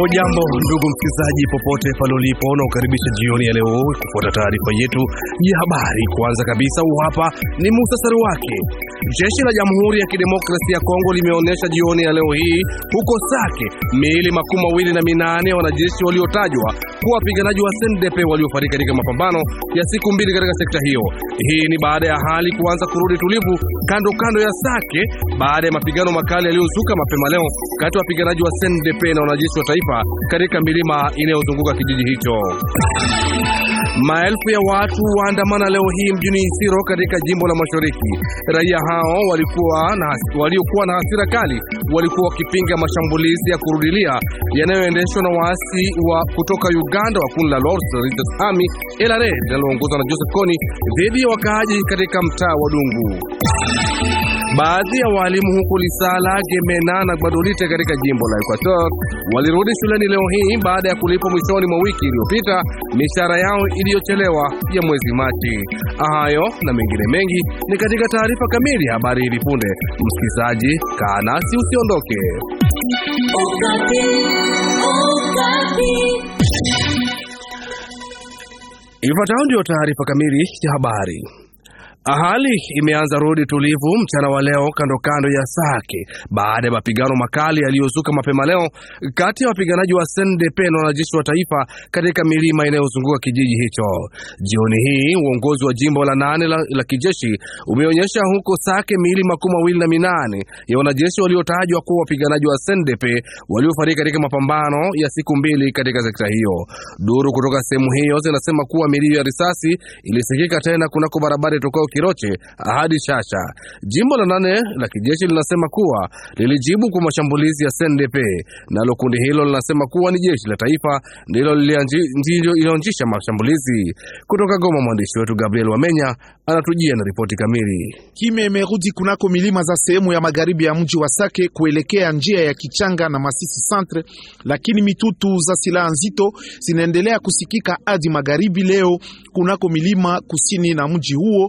Hujambo ndugu msikilizaji, popote pale ulipo na ukaribisha jioni ya leo kufuata taarifa yetu ya habari. Kwanza kabisa, huu hapa ni muhtasari wake. Jeshi la Jamhuri ya Kidemokrasia ya Kongo limeonyesha jioni ya leo hii huko Sake miili makumi mawili na minane ya wanajeshi waliotajwa kuwa wapiganaji wa SNDP waliofariki katika mapambano ya siku mbili katika sekta hiyo. Hii ni baada ya hali kuanza kurudi tulivu kando kando ya Sake baada ya mapigano makali yaliyozuka mapema leo kati ya wapiganaji wa SNDP na wanajeshi wa taifa katika milima inayozunguka kijiji hicho. Maelfu ya watu waandamana leo hii mjini Isiro katika jimbo la Mashariki. Raia hao walikuwa na waliokuwa na hasira kali walikuwa wakipinga mashambulizi ya kurudilia yanayoendeshwa na waasi wa kutoka Uganda wa kundi la Lord's Resistance Army LRA linaloongozwa na Joseph Kony dhidi ya wakaaji katika mtaa wa Dungu. Baadhi ya walimu huku Lisala, Gemena na Gbadolite katika jimbo la Equator walirudi shuleni leo hii baada ya kulipwa mwishoni mwa wiki iliyopita mishahara yao iliyochelewa ya mwezi Machi. Hayo na mengine mengi ni katika taarifa kamili ya habari hili punde. Msikilizaji, kaa nasi usiondoke. Ifuatayo ndiyo taarifa kamili ya habari. Hali imeanza rudi tulivu mchana wa leo kando kando ya Sake baada ya mapigano makali yaliyozuka mapema leo kati ya wapiganaji wa SNDP na wanajeshi wa taifa katika milima inayozunguka kijiji hicho. Jioni hii uongozi wa jimbo la nane la, la kijeshi umeonyesha huko Sake miili makumi mawili na minane ya wanajeshi waliotajwa kuwa wapiganaji wa SNDP waliofariki katika mapambano ya siku mbili katika sekta hiyo. Duru kutoka sehemu hiyo zinasema kuwa milio ya risasi ilisikika tena kunako barabara itokao Kiroche hadi Shasha. Jimbo la nane la kijeshi linasema kuwa lilijibu kwa mashambulizi ya SNDP, nalo kundi hilo linasema kuwa ni jeshi la taifa ndilo lilianzisha mashambulizi. Kutoka Goma, mwandishi wetu Gabriel Wamenya anatujia na ripoti kamili. Kime imerudi kunako milima za sehemu ya magharibi ya mji wa Sake kuelekea njia ya Kichanga na Masisi Centre, lakini mitutu za silaha nzito zinaendelea kusikika hadi magharibi leo kunako milima kusini na mji huo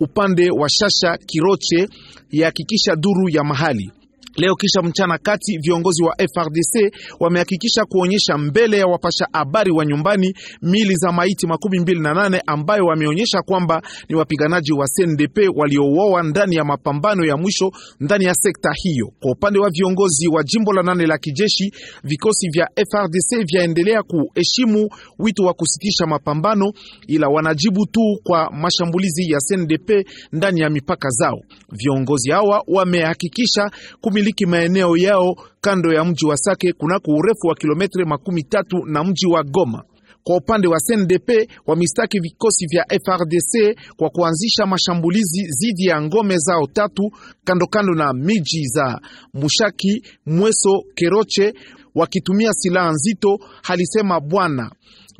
upande wa Shasha Kiroche, yahakikisha duru ya mahali Leo kisha mchana kati viongozi wa FRDC wamehakikisha kuonyesha mbele ya wapasha habari wa nyumbani mili za maiti makumi mbili na nane ambayo wameonyesha kwamba ni wapiganaji wa CNDP waliouawa ndani ya mapambano ya mwisho ndani ya sekta hiyo. Kwa upande wa viongozi wa jimbo la nane la kijeshi, vikosi vya FRDC vyaendelea kuheshimu wito wa kusitisha mapambano, ila wanajibu tu kwa mashambulizi ya CNDP ndani ya mipaka zao. Viongozi hawa wamehakikisha kumi kumiliki maeneo yao kando ya mji wa Sake kunako urefu wa kilometre makumi tatu na mji wa Goma. Kwa upande wa CNDP wamistaki vikosi vya FRDC kwa kuanzisha mashambulizi dhidi ya ngome zao tatu kandokando na miji za Mushaki, Mweso, Keroche wakitumia silaha nzito, alisema bwana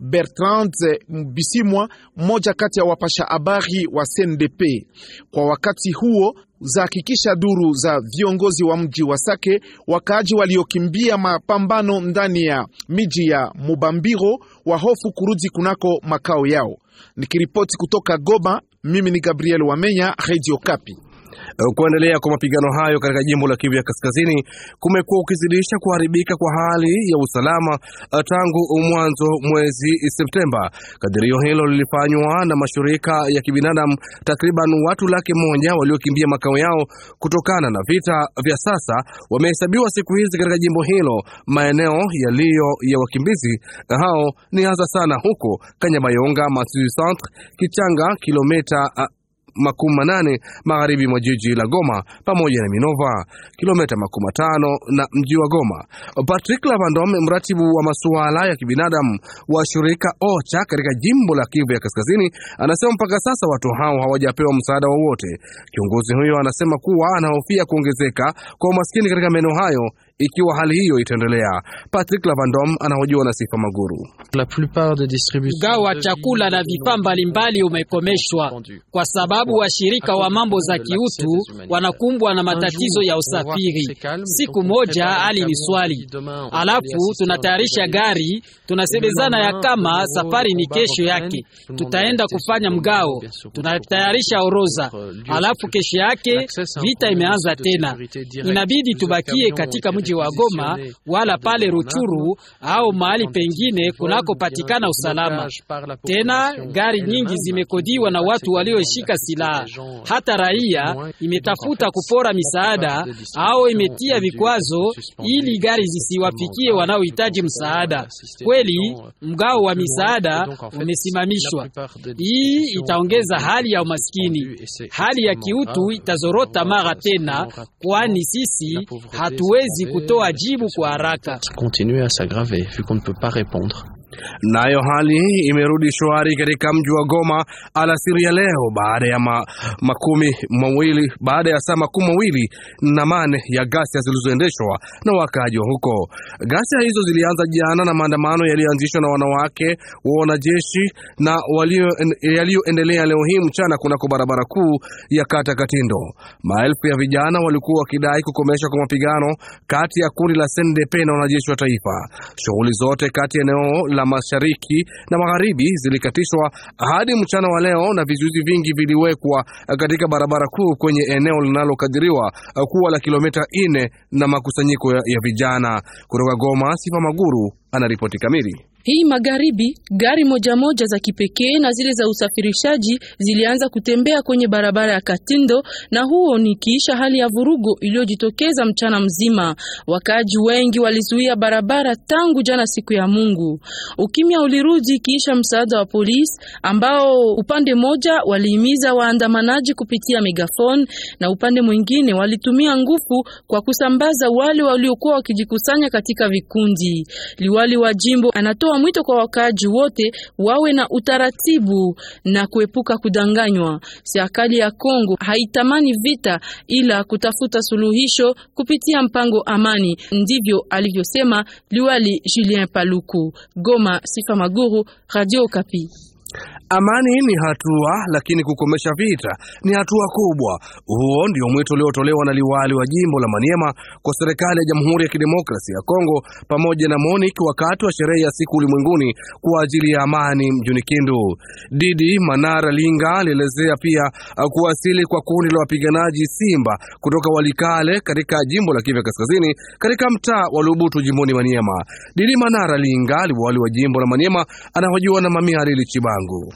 Bertrand eh, Bisimwa, mmoja kati ya wapasha habari wa CNDP. Kwa wakati huo hakikisha duru za viongozi wa mji wa Sake, wakaaji waliokimbia mapambano ndani ya miji ya Mubambiro wahofu kurudi kunako makao yao. Nikiripoti kutoka goba mimi ni Gabriel Wamenya, Radio Kapi. Kuendelea kwa mapigano hayo katika jimbo la Kivu ya Kaskazini kumekuwa ukizidisha kuharibika kwa hali ya usalama uh, tangu mwanzo mwezi Septemba. Kadirio hilo lilifanywa na mashirika ya kibinadamu. Takriban watu laki moja waliokimbia makao yao kutokana na vita vya sasa wamehesabiwa siku hizi katika jimbo hilo. Maeneo yaliyo ya wakimbizi uh, hao ni hasa sana huko Kanyabayonga, Masisi Centre, Kichanga, kilomita uh, makumi manane magharibi mwa jiji la Goma pamoja na Minova, kilomita makumi matano na mji wa Goma. Patrick Lavandome, mratibu wa masuala ya kibinadamu wa shirika OCHA katika jimbo la Kivu ya Kaskazini, anasema mpaka sasa watu hao hawajapewa msaada wowote. Kiongozi huyo anasema kuwa anahofia kuongezeka kwa umaskini katika maeneo hayo ikiwa hali hiyo itaendelea, Patrick Lavandom anahojiwa na Sifa Maguru. Mgao wa chakula na vifaa mbalimbali umekomeshwa kwa sababu washirika wa mambo za kiutu wanakumbwa na matatizo ya usafiri. Siku moja hali ni swali, alafu tunatayarisha gari, tunasemezana ya kama safari ni kesho yake tutaenda kufanya mgao, tunatayarisha oroza, alafu kesho yake vita imeanza tena, inabidi tubakie katika mji mji wa Goma wala pale Ruchuru au mahali pengine kunakopatikana usalama. Tena gari nyingi zimekodiwa na watu walioshika silaha. Hata raia imetafuta kupora misaada au imetia vikwazo ili gari zisiwafikie wanaohitaji msaada. Kweli mgao wa misaada umesimamishwa. Hii itaongeza hali ya umaskini, hali ya kiutu itazorota mara tena, kwani sisi hatuwezi Continue à s'aggraver vu qu'on ne peut pas répondre. Nayo hali imerudi shwari katika mji wa Goma alasiri ya leo baada ya ma, makumi mawili baada ya saa makumi mawili na mane ya ghasia zilizoendeshwa na wakaaji wa huko. Ghasia hizo zilianza jana na maandamano yaliyoanzishwa na wanawake wa wanajeshi na yaliyoendelea leo hii mchana kunako barabara kuu ya kata Katindo. Maelfu ya vijana walikuwa wakidai kukomesha kwa mapigano kati ya kundi la SNDP na wanajeshi wa taifa. Shughuli zote kati ya eneo la mashariki na magharibi zilikatishwa hadi mchana wa leo, na vizuizi vingi viliwekwa katika barabara kuu kwenye eneo linalokadiriwa kuwa la kilomita nne na makusanyiko ya vijana kutoka Goma. Sifa Maguru anaripoti kamili hii magharibi, gari moja moja za kipekee na zile za usafirishaji zilianza kutembea kwenye barabara ya Katindo, na huo ni kiisha hali ya vurugo iliyojitokeza mchana mzima. Wakaji wengi walizuia barabara tangu jana siku ya Mungu. Ukimya ulirudi kiisha msaada wa polisi, ambao upande moja walihimiza waandamanaji kupitia megafon na upande mwingine walitumia nguvu kwa kusambaza wale waliokuwa wakijikusanya katika vikundi. Liwali wa jimbo anatoa anatoa mwito kwa wakaaji wote wawe na utaratibu na kuepuka kudanganywa. Serikali ya Kongo haitamani vita, ila kutafuta suluhisho kupitia mpango amani. Ndivyo alivyosema Liwali Julien Paluku. Goma, Sifa Maguru, Radio Kapi. Amani ni hatua, lakini kukomesha vita ni hatua kubwa. Huo ndio mwito uliotolewa na liwali wa jimbo la Maniema kwa serikali ya Jamhuri ya Kidemokrasia ya Kongo pamoja na MONUC wakati wa sherehe ya siku ulimwenguni kwa ajili ya amani mjini Kindu. Didi Manara Linga alielezea pia kuwasili kwa kundi la wapiganaji Simba kutoka Walikale katika jimbo la Kivu Kaskazini katika mtaa wa Lubutu jimboni Maniema. Didi Manara Linga, liwali wa jimbo la Maniema, anahojiwa na mamia Halili Chibangu.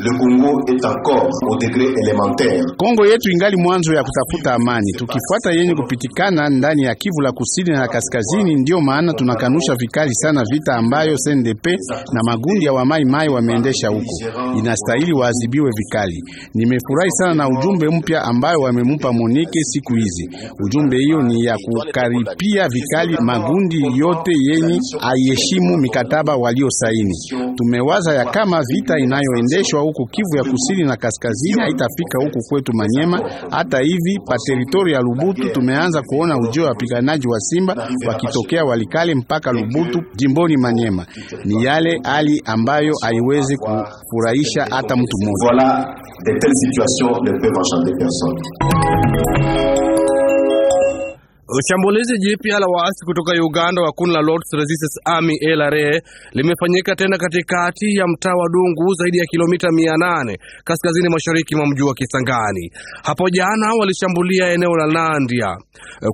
Le Congo est encore au degré élémentaire. Kongo yetu ingali mwanzo ya kutafuta amani, tukifuata yenye kupitikana ndani ya Kivu la kusini na kaskazini. Ndiyo maana tunakanusha vikali sana vita ambayo CNDP na magundi ya wamaimai wameendesha huko, inastahili waadhibiwe vikali. Nimefurahi sana na ujumbe mpya ambayo wamemupa Monike siku hizi. Ujumbe hiyo ni ya kukaripia vikali magundi yote yenye aiheshimu mikataba waliosaini. Tumewaza ya kama vita inayoendeshwa huko Kivu ya kusini na kaskazini, haitafika huko kwetu Manyema. Hata hivi pa teritori ya Lubutu tumeanza kuona ujio wa wapiganaji wa Simba wakitokea Walikale mpaka Lubutu jimboni Manyema. Ni yale hali ambayo haiwezi kufurahisha hata mtu mmoja. Shambulizi jipya la waasi kutoka Uganda wa kundi la Lord's Resistance Army LRA limefanyika tena katikati ya mtaa wa Dungu zaidi ya kilomita 800 kaskazini mashariki mwa mji wa Kisangani. Hapo jana walishambulia eneo la Nandia.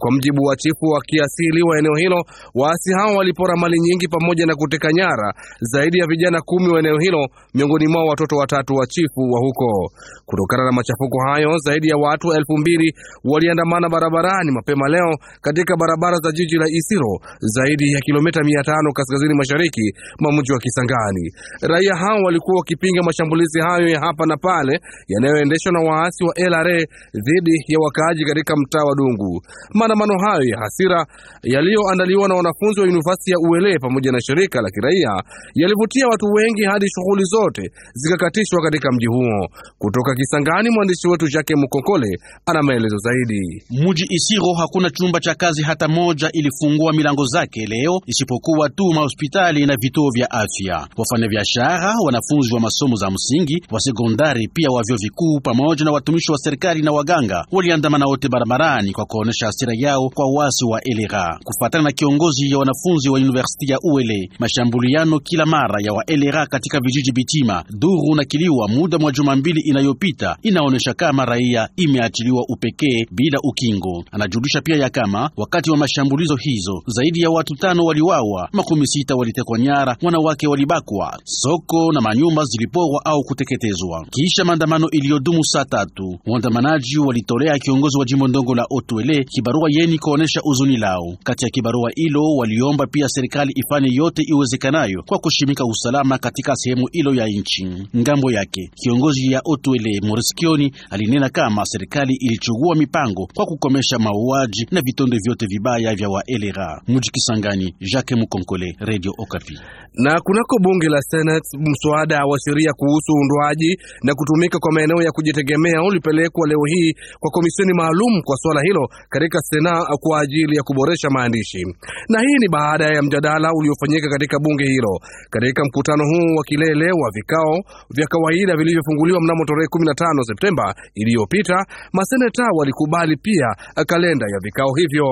Kwa mjibu wa chifu wa kiasili wa eneo hilo, waasi hao walipora mali nyingi pamoja na kuteka nyara zaidi ya vijana kumi wa eneo hilo, miongoni mwao watoto watatu wa chifu wa huko. Kutokana na machafuko hayo, zaidi ya watu elfu mbili waliandamana barabarani mapema leo katika barabara za jiji la Isiro, zaidi ya kilomita 500 kaskazini mashariki mwa mji wa Kisangani. Raia hao walikuwa wakipinga mashambulizi hayo ya hapa na pale yanayoendeshwa na waasi wa LRA dhidi ya wakaaji katika mtaa wa Dungu. Maandamano hayo ya hasira yaliyoandaliwa na wanafunzi wa Yunivasiti ya Uele pamoja na shirika la kiraia yalivutia watu wengi hadi shughuli zote zikakatishwa katika mji huo. Kutoka Kisangani, mwandishi wetu Jacques Mukokole ana maelezo zaidi. Mji Isiro hakuna chumba chumba cha kazi hata moja ilifungua milango zake leo, isipokuwa tu mahospitali na vituo vya afya. Wafanyabiashara, wanafunzi wa masomo za msingi, wa sekondari, pia wa vyuo vikuu, pamoja na watumishi wa serikali na waganga waliandamana wote barabarani kwa kuonesha hasira yao kwa wasi wa elera. Kufuatana na kiongozi ya wanafunzi wa universiti ya Uele, mashambuliano kila mara ya wa elera katika vijiji Bitima, Duru na Kiliwa muda mwa juma mbili inayopita inaonesha kama raia imeachiliwa upekee bila ukingo. Anajulisha pia yaka usalama wakati wa mashambulizo hizo. Zaidi ya watu tano waliwawa, makumi sita walitekwa nyara, wanawake walibakwa, soko na manyumba ziliporwa au kuteketezwa. Kisha maandamano iliyodumu saa tatu, waandamanaji walitolea kiongozi wa jimbo ndogo la Otwele kibarua yeni kuonesha uzuni lao. Kati ya kibarua hilo waliomba pia serikali ifanye yote iwezekanayo kwa kushimika usalama katika sehemu hilo ya nchi. Ngambo yake kiongozi ya Otwele Moriskioni alinena kama serikali ilichugua mipango kwa kukomesha mauaji na vitonde vyote vibaya vya waelera mujikisangani. Jacques Mukonkole, Radio Okapi. Na kunako bunge la Senate, mswada wa sheria kuhusu uundwaji na kutumika kwa maeneo ya kujitegemea ulipelekwa leo hii kwa komisioni maalum kwa swala hilo katika Sena kwa ajili ya kuboresha maandishi, na hii ni baada ya mjadala uliofanyika katika bunge hilo katika mkutano huu wa kilele wa vikao vya kawaida vilivyofunguliwa mnamo tarehe 15 Septemba iliyopita. Maseneta walikubali pia kalenda ya vikao hivyo vilivyo.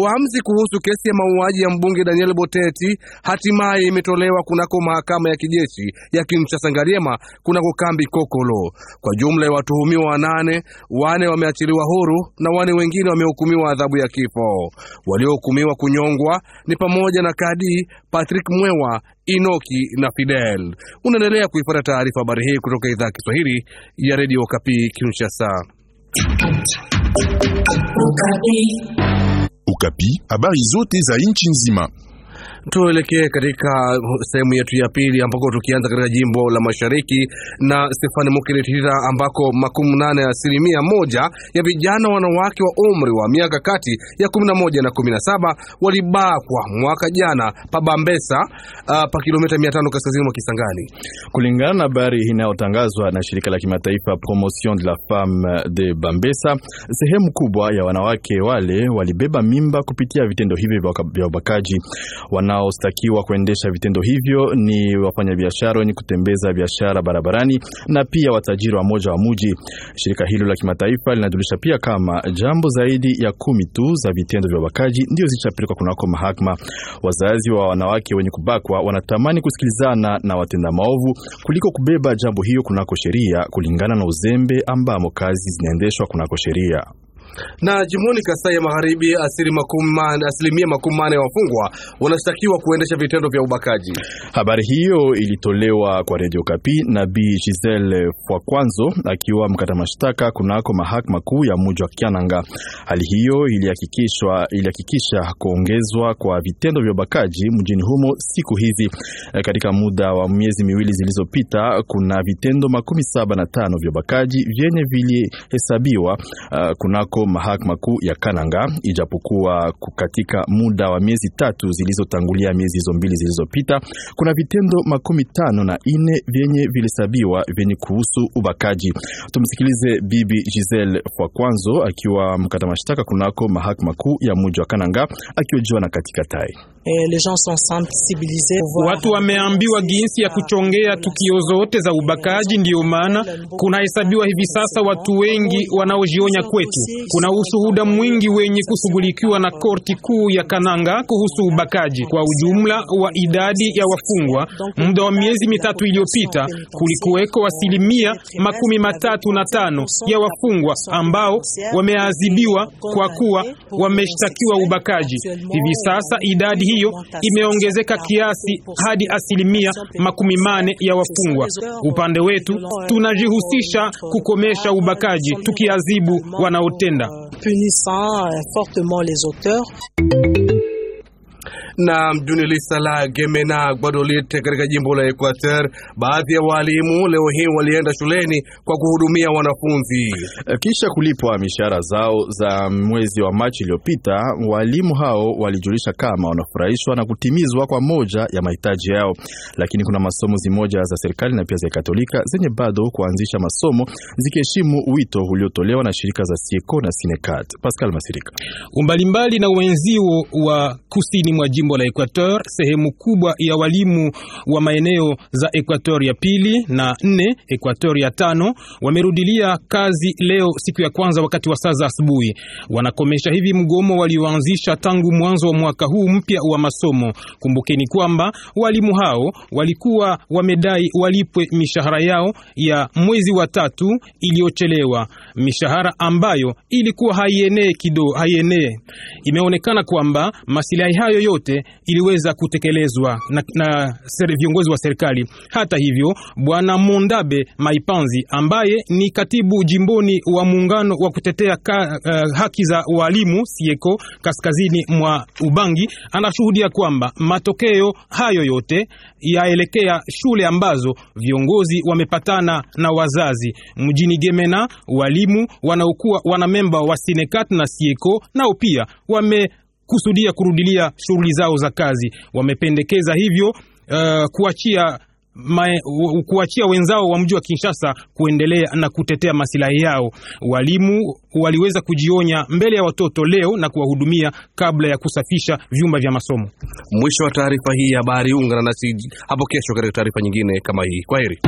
Uamuzi kuhusu kesi ya mauaji ya mbunge Daniel Boteti hatimaye imetolewa kunako mahakama ya kijeshi ya Kinshasa Ngaliema kunako kambi Kokolo. Kwa jumla ya watuhumiwa wanane, wane wameachiliwa huru na wane wengine wamehukumiwa adhabu ya kifo. Waliohukumiwa kunyongwa ni pamoja na Kadi Patrick Mwewa, Inoki na Fidel. Unaendelea kuipata taarifa habari hii kutoka idhaa ya Kiswahili ya Radio Kapi Kinshasa. Ukapi. Ukapi habari zote za nchi nzima Tuelekee katika sehemu yetu ya pili ambako tukianza katika jimbo la mashariki na Stefani Mukiritira ambako makumi nane ya asilimia moja ya vijana wanawake wa umri wa miaka kati ya kumi na moja na kumi na saba walibakwa mwaka jana pabambesa uh, ah, pa kilomita mia tano kaskazini mwa Kisangani, kulingana na habari inayotangazwa na shirika la kimataifa Promotion de la Femme de Bambesa. Sehemu kubwa ya wanawake wale walibeba mimba kupitia vitendo hivi vya ubakaji wana wanaostakiwa kuendesha vitendo hivyo ni wafanyabiashara wenye kutembeza biashara barabarani na pia watajiri wa moja wa muji. Shirika hilo la kimataifa linajulisha pia kama jambo zaidi ya kumi tu za vitendo vya ubakaji ndio zishapelekwa kunako mahakama. Wazazi wa wanawake wenye kubakwa wanatamani kusikilizana na watenda maovu kuliko kubeba jambo hiyo kunako sheria, kulingana na uzembe ambamo kazi zinaendeshwa kunako sheria. Na jimboni Kasai ya Magharibi, asilimia makumi mane ya wafungwa wanashtakiwa kuendesha vitendo vya ubakaji. Habari hiyo ilitolewa kwa Radio Kapi na Bi Giselle kwa Kwanzo akiwa mkata mashtaka kunako mahakama kuu ya mji wa Kiananga. Hali hiyo ilihakikishwa ilihakikisha kuongezwa kwa vitendo vya ubakaji mjini humo siku hizi. E, katika muda wa miezi miwili zilizopita, kuna vitendo makumi saba na tano vya ubakaji vyenye vilihesabiwa uh, kunako mahakama kuu ya Kananga, ijapokuwa katika muda wa miezi tatu zilizotangulia miezi hizo mbili zilizopita kuna vitendo makumi tano na ine vyenye vilihesabiwa vyenye kuhusu ubakaji. Tumsikilize Bibi Giselle kwa kwanzo akiwa mkata mashtaka kunako mahakama kuu ya mji wa Kananga, akiojiwa na katika tai Eh, watu wameambiwa jinsi ya kuchongea tukio zote za ubakaji. Ndiyo maana kunahesabiwa hivi sasa watu wengi wanaojionya kwetu. Kuna ushuhuda mwingi wenye kushughulikiwa na korti kuu ya Kananga kuhusu ubakaji kwa ujumla wa idadi ya wafungwa. Muda wa miezi mitatu iliyopita, kulikuweko asilimia makumi matatu na tano ya wafungwa ambao wameadhibiwa kwa kuwa wameshtakiwa ubakaji. Hivi sasa idadi hiyo imeongezeka kiasi hadi asilimia makumi mane ya wafungwa. Upande wetu tunajihusisha kukomesha ubakaji tukiazibu wanaotenda na mjini Lisala Gemena Gbadolite katika jimbo la Equateur, baadhi ya walimu leo hii walienda shuleni kwa kuhudumia wanafunzi eh, kisha kulipwa mishahara zao za mwezi wa Machi iliyopita. Walimu hao walijulisha kama wanafurahishwa na kutimizwa kwa moja ya mahitaji yao, lakini kuna masomo zimoja za serikali na pia za Katolika zenye bado kuanzisha masomo zikiheshimu wito uliotolewa na shirika za Sieko na Sinekat. Pascal Masirika umbalimbali na wenzio wa kusini mwa jimbo la Equateur, sehemu kubwa ya walimu wa maeneo za Equateur ya pili na nne, Equateur ya tano wamerudilia kazi leo siku ya kwanza wakati wa saa za asubuhi. Wanakomesha hivi mgomo walioanzisha tangu mwanzo wa mwaka huu mpya wa masomo. Kumbukeni kwamba walimu hao walikuwa wamedai walipwe mishahara yao ya mwezi wa tatu iliyochelewa, mishahara ambayo ilikuwa haienee kidogo, haienee. Imeonekana kwamba masilahi hayo yote yote iliweza kutekelezwa na, na viongozi wa serikali. Hata hivyo, bwana Mondabe Maipanzi ambaye ni katibu jimboni wa muungano wa kutetea ka, uh, haki za walimu Sieko kaskazini mwa Ubangi anashuhudia kwamba matokeo hayo yote yaelekea shule ambazo viongozi wamepatana na wazazi mjini Gemena. Walimu wanaokuwa wana memba wa Sinekat na Sieko nao pia wame kusudia kurudilia shughuli zao za kazi. Wamependekeza hivyo uh, kuachia Mae, kuachia wenzao wa mji wa Kinshasa kuendelea na kutetea masilahi yao. Walimu waliweza kujionya mbele ya watoto leo na kuwahudumia kabla ya kusafisha vyumba vya masomo. Mwisho wa taarifa hii ya habari. Ungana nasi hapo kesho katika taarifa nyingine kama hii. Kwaheri.